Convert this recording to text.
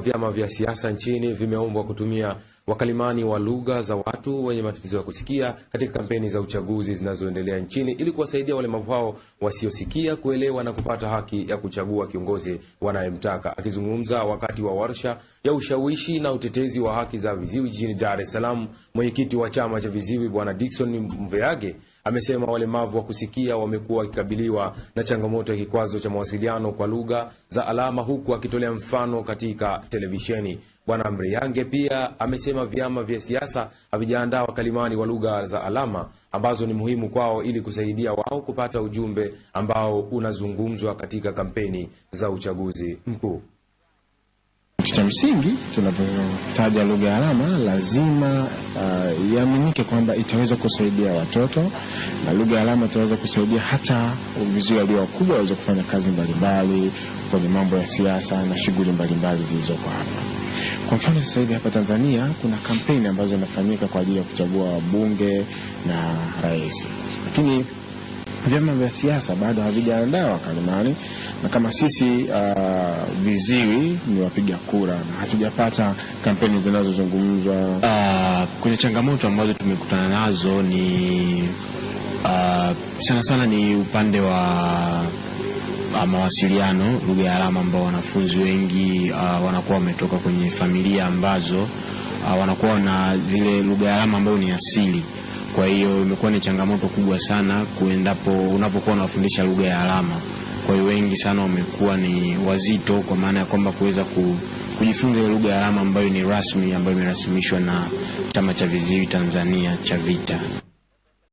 vyama vya siasa nchini vimeombwa kutumia wakalimani wa lugha za watu wenye matatizo ya kusikia katika kampeni za uchaguzi zinazoendelea nchini ili kuwasaidia walemavu hao wasiosikia kuelewa na kupata haki ya kuchagua kiongozi wanayemtaka. Akizungumza wakati wa warsha ya ushawishi na utetezi wa haki za viziwi jijini Dar es Salaam, mwenyekiti wa chama cha viziwi Bwana Dickson Mveage amesema walemavu wa kusikia wamekuwa wakikabiliwa na changamoto ya kikwazo cha mawasiliano kwa lugha za alama, huku akitolea mfano katika televisheni. Bwana Mreyange pia amesema vyama vya siasa havijaandaa wakalimani wa lugha za alama ambazo ni muhimu kwao ili kusaidia wao kupata ujumbe ambao unazungumzwa katika kampeni za uchaguzi mkuu. Kitu cha msingi tunapotaja lugha ya alama lazima uh, iaminike kwamba itaweza kusaidia watoto na lugha ya alama itaweza kusaidia hata vizuri walio wakubwa waweze kufanya kazi mbalimbali kwenye mambo ya siasa na shughuli mbalimbali zilizoko hapa. Kwa mfano sasa hivi hapa Tanzania kuna kampeni ambazo zinafanyika kwa ajili ya kuchagua wabunge na rais, lakini vyama vya siasa bado havijaandaa kalimani, na kama sisi uh, viziwi ni wapiga kura na hatujapata kampeni zinazozungumzwa uh, kwenye changamoto ambazo tumekutana nazo ni uh, sana sana ni upande wa uh, mawasiliano, lugha ya alama, ambao wanafunzi wengi uh, wanakuwa wametoka kwenye familia ambazo uh, wanakuwa na zile lugha ya alama ambayo ni asili. Kwa hiyo imekuwa ni changamoto kubwa sana kuendapo unapokuwa unawafundisha lugha ya alama. Kwa hiyo wengi sana wamekuwa ni wazito, kwa maana ya kwamba kuweza ku kujifunza ile lugha ya alama ambayo ni rasmi ambayo imerasimishwa na Chama cha Viziwi Tanzania cha vita